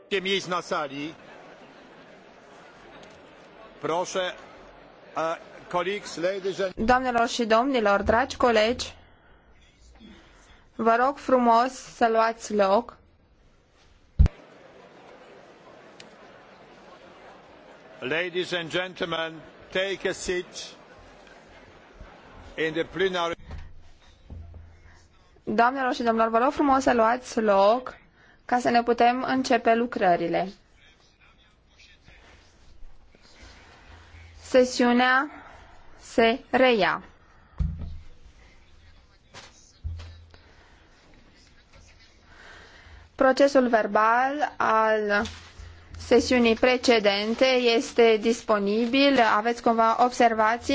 Wszystkie miejsc na sali. Proszę, colleagues, ladies and... Doamnelor și domnilor, dragi colegi, vă rog frumos să luați loc. Ladies and gentlemen, take a seat. Doamnelor și domnilor, vă rog frumos să luați loc ca să ne putem începe lucrările. Sesiunea se reia. Procesul verbal al sesiunii precedente este disponibil. Aveți cumva observații?